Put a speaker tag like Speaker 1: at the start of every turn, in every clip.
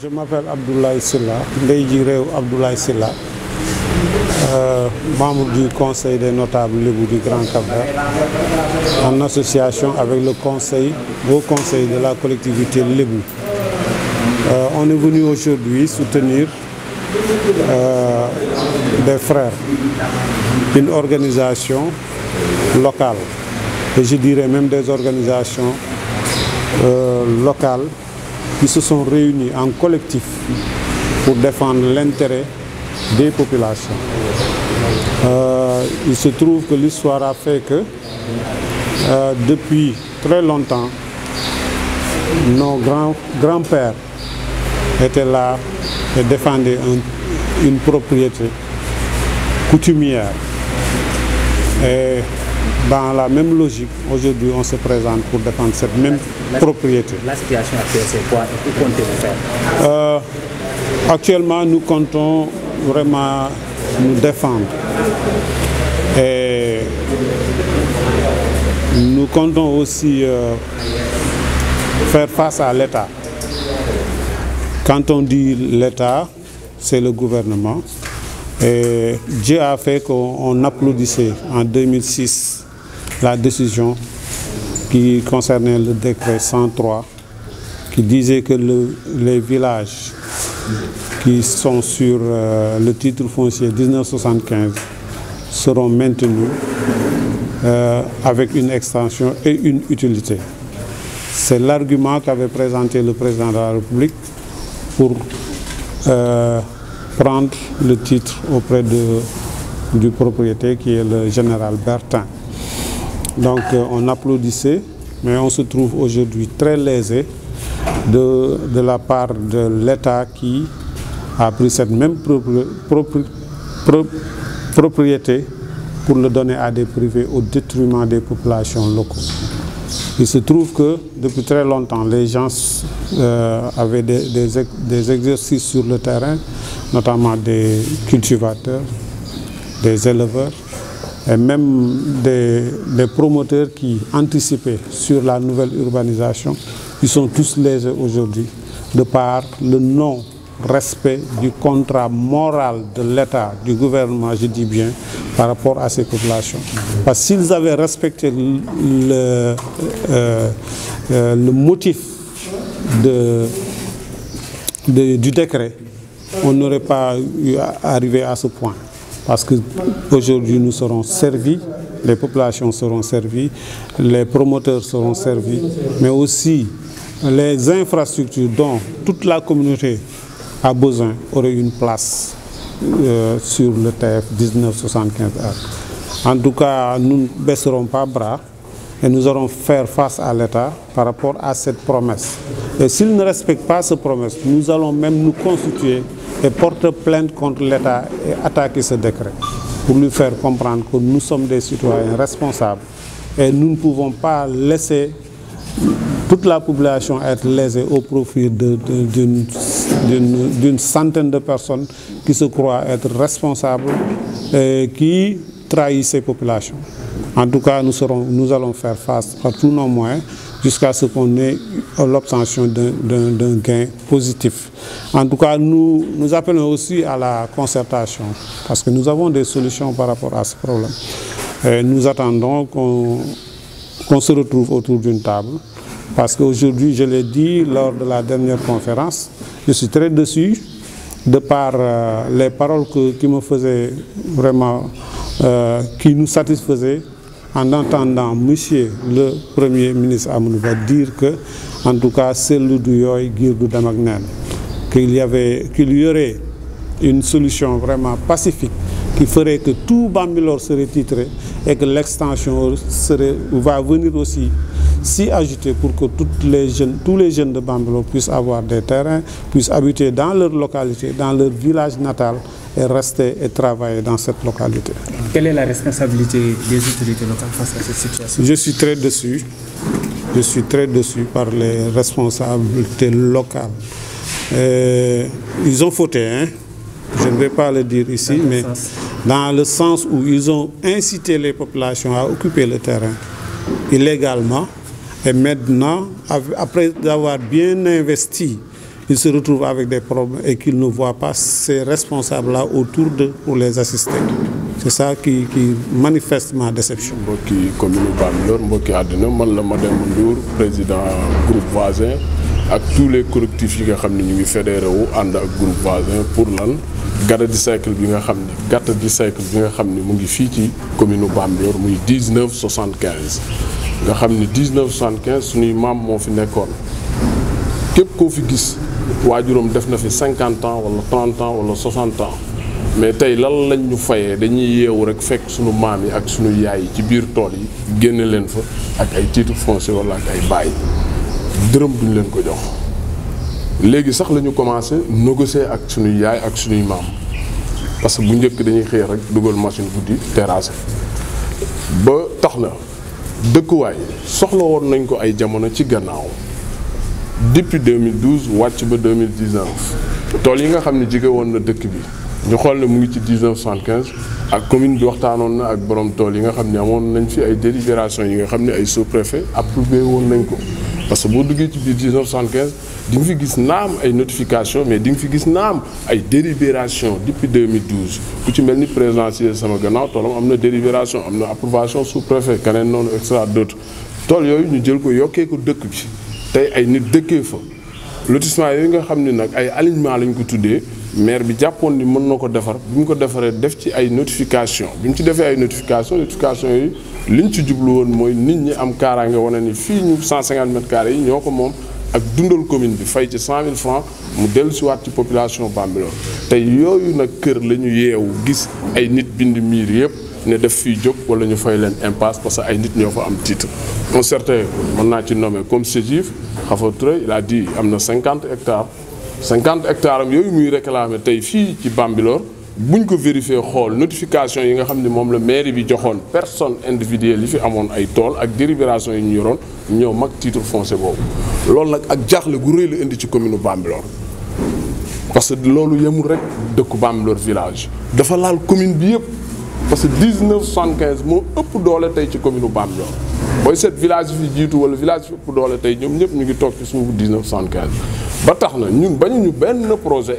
Speaker 1: Je m'appelle Abdoulaye Silla, Leïdireu Abdoulaye Silla, euh, membre du Conseil des notables Libou du Grand Cabaret, en association avec le Conseil, vos Conseil de la collectivité Libou. Euh, on est venu aujourd'hui soutenir euh, des frères, une organisation locale et je dirais même des organisations euh, locales qui se sont réunies en collectif pour défendre l'intérêt des populations. Euh, il se trouve que l'histoire a fait que euh, depuis très longtemps, nos grands-pères étaient là et défendaient une propriété coutumière dans la même logique, aujourd'hui, on se présente pour défendre cette même propriété. La situation actuelle, c'est quoi et comptez faire euh, Actuellement, nous comptons vraiment nous défendre. Et nous comptons aussi euh, faire face à l'État. Quand on dit l'État, c'est le gouvernement. Et Dieu a fait qu'on applaudissait en 2006 la décision qui concernait le décret 103 qui disait que les villages qui sont sur euh, le titre foncier 1975 seront maintenus euh, avec une extension et une utilité. C'est l'argument qu'avait présenté le président de la République pour euh, prendre le titre auprès du propriétaire qui est le général Bertin. Donc euh, on applaudissait, mais on se trouve aujourd'hui très lésé de, la part de l'État qui a pris cette même propriété pour le donner à des privés au détriment des populations locales. Il se trouve que depuis très longtemps, les gens euh, avaient des, exercices sur le terrain, notamment des cultivateurs, des éleveurs et même des, promoteurs qui anticipaient sur la nouvelle urbanisation. Ils sont tous les aujourd'hui de par le nom respect du contrat moral de l'État, du gouvernement, je dis bien, par rapport à ces populations. Parce s'ils avaient respecté le, euh, euh, motif de, du décret, on n'aurait pas eu arrivé à ce point. Parce qu'aujourd'hui, nous serons servis, les populations seront servies, les promoteurs seront servis, mais aussi les infrastructures dont toute la communauté a besoin aurait une place euh, sur le TF 1975 En tout cas, nous ne baisserons pas bras et nous allons faire face à l'État par rapport à cette promesse. Et s'il ne respecte pas cette promesse, nous allons même nous constituer et porter plainte contre l'État et attaquer ce décret pour lui faire comprendre que nous sommes des citoyens responsables et nous ne pouvons pas laisser toute la population être lésée au profit d'une d'une centaine de personnes qui se croient être responsables et qui trahissent ces populations. En tout cas, nous, allons faire face à tous nos moyens jusqu'à ce qu'on ait l'obtention d'un gain positif. En tout cas, nous, appelons aussi à la concertation parce que nous avons des solutions par rapport à ce problème. nous attendons qu'on se retrouve autour d'une table parce qu'aujourd'hui, je l'ai dit lors de la dernière conférence, je suis très déçu de par euh, les paroles qui me faisaient vraiment, euh, qui nous satisfaisaient en entendant M. le premier ministre va dire que, en tout cas, c'est le Douyoy qu'il y, avait, qu'il y aurait une solution vraiment pacifique qui ferait que tout Bambilor serait titré et que l'extension va venir aussi si ajouter pour que les jeunes, tous les jeunes de Bambelo puissent avoir des terrains, puissent habiter dans leur localité, dans leur village natal et rester et travailler dans cette localité. Quelle est la responsabilité des autorités locales face à cette situation Je suis très déçu Je suis très dessus par les responsabilités locales. Euh, ils ont fauté, hein. je ne vais pas le dire ici, mais dans le sens où ils ont incité les populations à occuper le terrain illégalement, et maintenant, après avoir bien investi, ils se retrouvent avec des problèmes et qu'ils ne voient pas ces responsables-là autour d'eux pour les assister. C'est ça qui, manifeste ma déception.
Speaker 2: tous les collectifs groupe voisin pour garde di cycle bi nga xam ni garde di cycle bi nga xam ni mu ngi fii ci commune u Bambilor muy 1975 nga xam ni 1975 suñuy maam moo fi nekkoon képp koo fi gis waajuram def na fi cinquante ans wala 30 ans wala 60 ans mais tey lan lañ ñu fayee dañuy yeewu rek fekk suñu maam yi ak suñu yaay yi ci biir tool yi génne leen fa ak ay titre foncier wala ak ay bail dërëm duñ leen ko jox léegi sax lañu ñu commencé négocier ak suñu yaay ak suñu maam parce que bu njëkk dañuy xéer rek duggal machine guddi terrasse ba taxna na dëkkuwaay soxla woon nañ ko ay jamono ci gannaaw depuis 2012 wacc ba 2019 tool yi nga xamni jige won na dekk bi ñu xol ne mu ngi ci 1975 ak commune bi waxtaanoon na ak borom tool yi nga xam ne amoon nañ fi ay délibération yi nga xam ne ay sous-préfet approuvé woon nañ ko parce que boo duggee ci biir 1975 di nga fi gis naam ay notification mais di nga fi gis naam ay délibération depuis 2012 ku ci mel ni présidentiel sama gannaaw toolam am na délibération am na approbation sous préfet keneen noonu extra d'autres tool yooyu ñu jël ko yokkee ko dëkk bi tey ay nit dëkkee fa lotissement yooyu nga xam ni nag ay alignement lañ ko tuddee maire bi japon ni mën na défar defar ko défaré def ci ay notification bi ci défé ay notification notification yi liñ ci jublu won moy nit ñi am kaaraange woné ni fi ñu 150 mètres carrés yi ñoo ko ak dundal commune bi fay ci 100000 francs mu dellusiwaat ci population Bambilor tay yooyu nag kër lañu ñu yeewu gis ay nit bind miir yépp ne def fi jóg wala ñu fay leen impasse parce que ay nit ñoo am titre un certain mën na ci nommer comme Sétif Khafa Touré il a dit amna 50 hectares 50 hectares am muy réclamer tay fi ci Bambilor buñ ko vérifier xol notification yi nga xam mom le la mairie bi joxone personne individuelle li fi amone ay tool ak délibération yi ñu yoron ñëw mak titre foncier boobu lool nak ak jaaxle gu reuy la indi ci commune Bambilor parce que loolu yemul rek dëkku Bambilor village dafa laal commune bi yépp parce que 1975 mo ëpp doole tay ci commune Bambilor c'est village fi wala village fi doole tey ñu ngi ci projet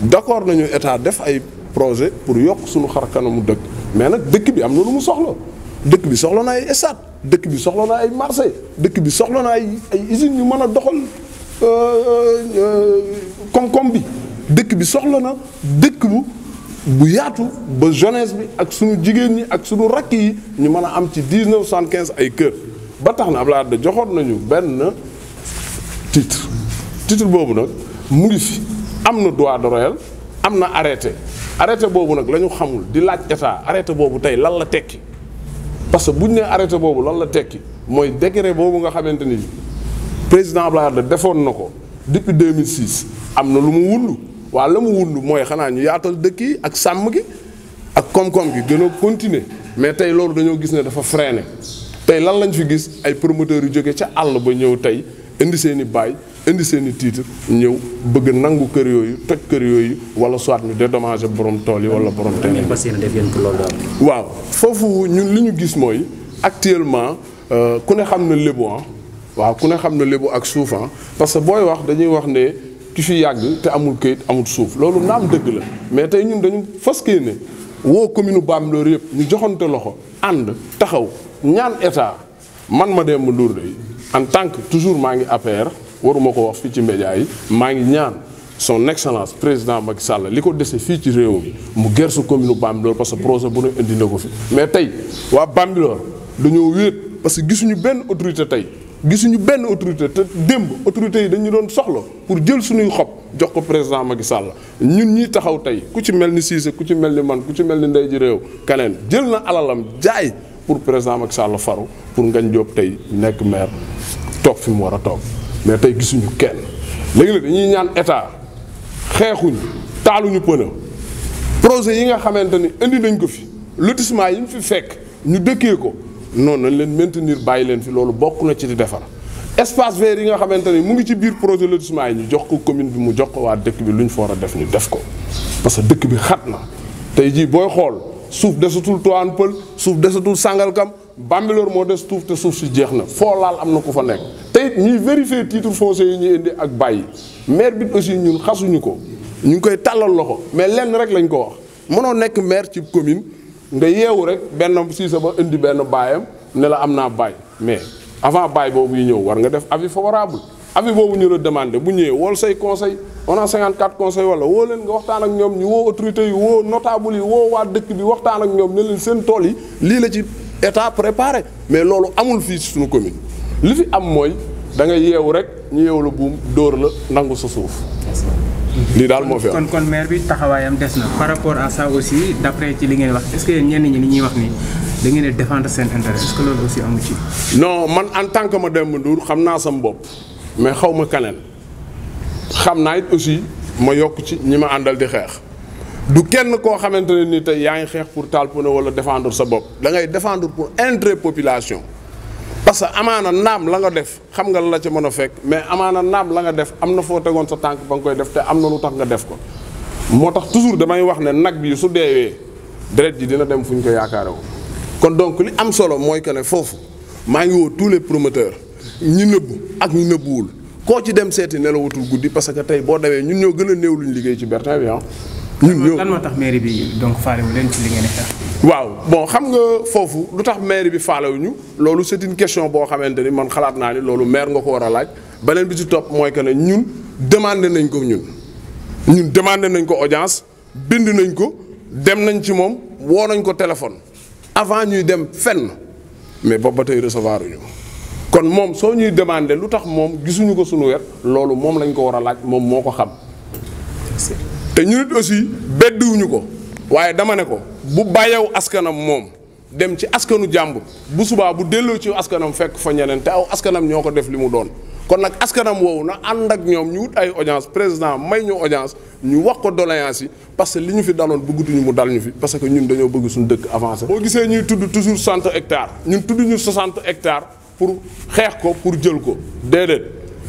Speaker 2: d'accord nañu état def ay projet pour yok suñu xar kanamu dekk mais nak dekk bi am lu mu soxla dekk bi soxla na ay Il y bi soxla na ay marché dekk bi soxla na ay a doxal euh, euh, euh, bi bu yaatu ba jeunesse bi ak suñu jigéen ñi ak sunu rakk yi ñu mën a am ci 1975 ay kër ba tax na Abdoulaye Wade joxoon nañu benn titre titre boobu nag mu ngi fi am na droit de royal am na arrêté arrêté boobu nag la ñu xamul di laaj état arrêté boobu tey lan la tekki parce que bu ñu nee arrêté boobu lan la tekki mooy décret boobu nga xamante ni président Abdoulaye Wade defoon na ko depuis 2006 am na lu mu wund waaw la mu wund mooy xanaa ñu yaatal dëkk yi ak sàmm gi ak koom-koom gi gën a continuer mais tey loolu dañoo gis ne dafa ne tey lan lañ fi gis ay promoteurs yu jóge ca àll ba ñëw tey indi seen i baay indi seen i titre ñëw bëgg nangu kër yooyu toj kër yooyu wala soit ñu dédommager borom tool yi wala borom teen yi waaw foofu ñun li ñu gis mooy actuellement euh, ku ne xam na lébu ah. waaw ku ne xam na lébu ak suufan ah. parce que booy wax dañuy wax ne Tu fais te amul amul tu mais tu ñun dañu les gens qui ont Bambilor yëpp ñu joxante loxo Tu taxaw ñaan état man ma dem en tant que toujours ma ngi APR waruma wax ci média yi m'a ngi son excellence président Macky Sall li ko ci réew mi mu commune Bambilor parce que projet bu indi fi mais tey waa Bambilor parce que une ben autorité gisuñu benn autorité te démb autorité yi dañu doon soxla pour jël suñuy xob jox ko président Macky Sall ñun ñuy taxaw tey ku ci mel ni Cissé ku ci mel ni man ku ci mel ni ndey ji réew keneen jël na alalam jaay pour président Macky Sall faru pour Ngagne Diop tey nekk maire toog fi mu war a toog mais tey gisuñu kenn léegi nag dañuy ñaan état xeexuñu taaluñu pënë projet yi nga xamante ni indi nañ ko fi lotissement yi ñu fi fekk ñu dëkkee ko noonu nañ leen maintenir bàyyi leen fi loolu bokk na ci di defar espace vert yi nga xamante ne mu ngi ci biir projet lotissement yi ñu jox ko commune bi mu jox ko waa dëkk bi lu ñu fa a def ñu def ko parce que dëkk bi xat na tey jii booy xool suuf desatul Tivaouane Peulh suuf desatul Sangalkam Bambilor moo des tuuf te suuf si jeex na foo laal am na ku fa nekk te it ñuy vérifier titre foncier yi ñuy indi ak bàyyi maire bi aussi ñun xasuñu ko ñu ngi koy tàllal loxo mais lenn rek lañ ko wax mënoo nekk maire ci commune nga yeewu rek benn siisa ba indi benn baayam ne la am naa baay mais avant baay boobu yi ñëw war nga def avis favorable avis boobu ñu la demandé bu ñëwee wool say conseil on a 54 conseil wala woo leen nga waxtaan ak ñoom ñu woo autorités yi woo notable yi woo waa dëkk bi waxtaan ak ñoom ne leen seen tool yi lii la ci état préparé mais loolu amul fii ci suñu commune li fi am mooy da nga yeewu rek ñu yeewu la buum dóor la nangu sa suuf lii daal moo fi kon
Speaker 1: kon maire bi taxawaayam des na par rapport à ça aussi d' après ci li ngeen wax est que ñenn ñi li ñuy wax ni da ngeen di défendre seen intérêt est ce que loolu aussi amu ci.
Speaker 2: non man en tant que Mademba Ndour xam naa sama bopp mais xaw ma kaneen xam naa it aussi ma yokk ci ñi ma àndal di xeex du kenn koo xamante ne nii tey yaa ngi xeex pour taal pono wala défendre sa bopp da ngay défendre pour intérêt population. parce que amaana naam la nga def xam nga la ca mën a fekk mais amaana naam la nga def am na foo tegoon sa tànk ba nga koy def te am na lu tax nga def ko moo tax toujours damay wax ne nag bi su deewee deret ji dina dem fu ñu ko yaakaarewul kon donc li am solo mooy que ne foofu maa ngi woo tous les promoteurs ñi nëbbu ak ñi nëbbuwul koo ci dem seeti nelawatul guddi parce que tey boo dawee ñun ñoo gën a néew luñ liggéey ci Bertin bi ah. ñun ñoo lan moo tax mairie bi donc faale wu leen ci li Wow, bon xam nga fofu lutax maire bi nous, c'est une question bo xamanteni man le maire nga ko wara laaj balen bi ci que nous ñun demandé nañ ko ñun ñun demandé nañ ko audience bind nañ ko dem nañ ci nañ ko téléphone avant ñuy dem fenn mais pas ba tey recevoir kon mom so ñuy demandé lutax mom gisunu ko suñu lañ ko laaj xam te aussi, aussi ko waaye dama ne ko bu bàyyew askanam moom dem ci askanu jàmbur bu subaa bu delloo ci askanam fekk fa ñeneen te aw askanam ñoo ko def li mu doon kon nag askanam woowu na ànd ak ñoom ñu wut ay audience président may ñu audience ñu wax ko doléance yi parce que li ñu fi daloon bëggatuñu mu dal ñu fi parce que ñun dañoo bëgg suñu dëkk avancé. boo gisee ñuy tudd toujours 60 hectares ñun tudd ñu 60 hectares pour xeex ko pour jël ko déedéet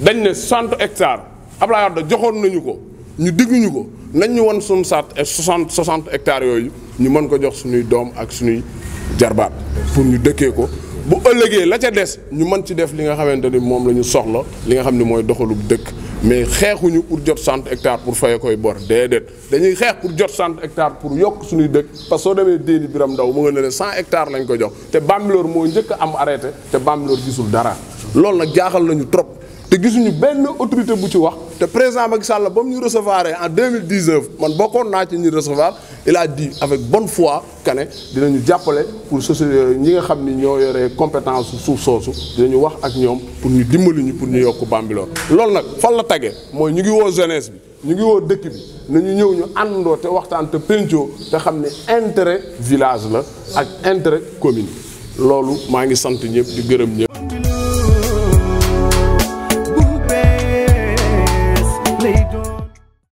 Speaker 2: dañ ne 60 hectares Abdoulaye joxoon nañu ko. ñu digguñu ko nañ ñu won suñu sat soixante soixante hectares yooyu ñu mën ko jox suñuy doom ak suñuy jarbaat pour ñu dëkkee ko bu ëllëgee la ca des ñu mën ci def li nga xamante ni moom la ñu soxla li nga xam ne mooy doxalub dëkk mais xeexuñu pour jot cent hectares pour faye koy bor déedéet dañuy xeex pour jot cent hectares pour yokk suñuy dëkk parce que soo demee déeni biram ndaw mu nga ne ne cent hectares lañ ko jox te Bambilor moo njëkk am arrêté te Bambilor gisul dara loolu nag jaaxal nañu trop te gisuñu benn autorité bu ci wax le président Macky Sall ba mu ñu recevoir en 2019 man bokkoon n'a ci ñu recevoir il a dit avec bonne foi que ne dinañu jàppale pour sosu euh, ñi nga xam ni ñoo yore compétence suuf soosu dinañu wax ak ñoom pour ñu dimbali ñu pour ñu yokk Bambilor loolu nag fan la tagee mooy ñu ngi woo jeunesse bi ñu ngi woo dëkk bi nañu ñëw ñu àndoo te waxtaan te pencoo te xam intérêt village la ak intérêt commune loolu maa ngi sant ñëpp di gërëm